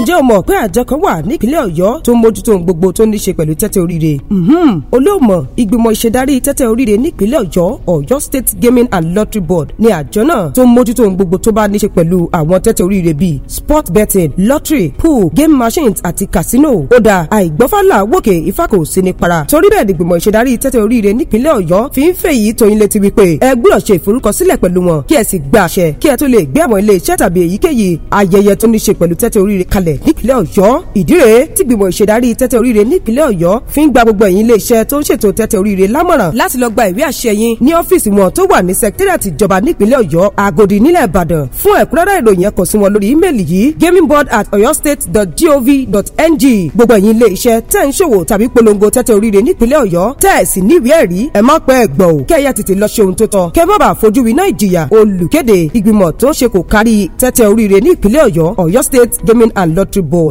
ǹjẹ́ o mọ̀ pé àjọ kan wà nípínlẹ̀ ọ̀yọ́ tó ń mójútó gbogbo tó ní ṣe pẹ̀lú tẹ́tẹ́ oríire. Mm-hmm. olóòmọ̀ ìgbìmọ̀ ìṣèdarí tẹ́tẹ́ oríire nípínlẹ̀ ọ̀yọ́ ọ̀yọ́ state gaming and lottery board ni àjọ náà tó ń mójútó gbogbo tó bá ní ṣe pẹ̀lú àwọn tẹ́tẹ́ oríire bíi sport betting lottery pool game machines àti casino. ó dà àìgbọ́fàlà wòkè ìfàkò sí ni para. torí bẹ́ẹ̀ ni ìgbìmọ̀ ìṣèdarí tẹ́tẹ́ oríire nípínlẹ̀ ọ̀yọ́ fi ń fèyí tóyin létí wípé ẹ gbúdọ̀ ṣe ìforúkọsílẹ̀ pẹ̀lú wọn kí ẹ sì gba àṣẹ kí ẹ tó lè gbé kalẹ̀ nípínlẹ̀ ọ̀yọ́ ìdí rèé tí gbìmọ̀ ìṣèdarí tẹ́tẹ́ oríire nípínlẹ̀ ọ̀yọ́ fi ń gba gbogbo ẹ̀yin iléeṣẹ́ tó ń ṣètò tẹ́tẹ́ oríire lámọ̀ràn láti lọ gba ìwé àṣẹ yín ní ọ́fíìsì wọn tó wà ní sẹkítẹ́rẹ̀tì ìjọba nípínlẹ̀ ọ̀yọ́ àgòdì nílẹ̀ ìbàdàn fún ẹ̀kúnrẹ́rẹ́ ìròyìn ẹ sí wọn lórí ímeèlì yìí gamingboard at oyostate.gov.ng gbogbo ẹ̀yin iléeṣẹ́ tẹ́ ń ṣòwò tàbí polongo tẹ́tẹ́ oríire nípínlẹ̀ ọ̀yọ́ tẹ́ ẹ̀ sì ní ìwé ẹ̀rí ẹ má pẹ́ ẹ̀ gbọ̀ ò kẹ́ ẹ̀yà tètè lọ ṣe ohun tó tọ́ kẹ́ bọ́bà fojú winá ìjìyà olùkéde ìgbìmọ̀ tó ṣe kò kárí tẹ́tẹ́ oríire ní ọ̀yọ́ ọ̀yọ́ state gaming and mandatory board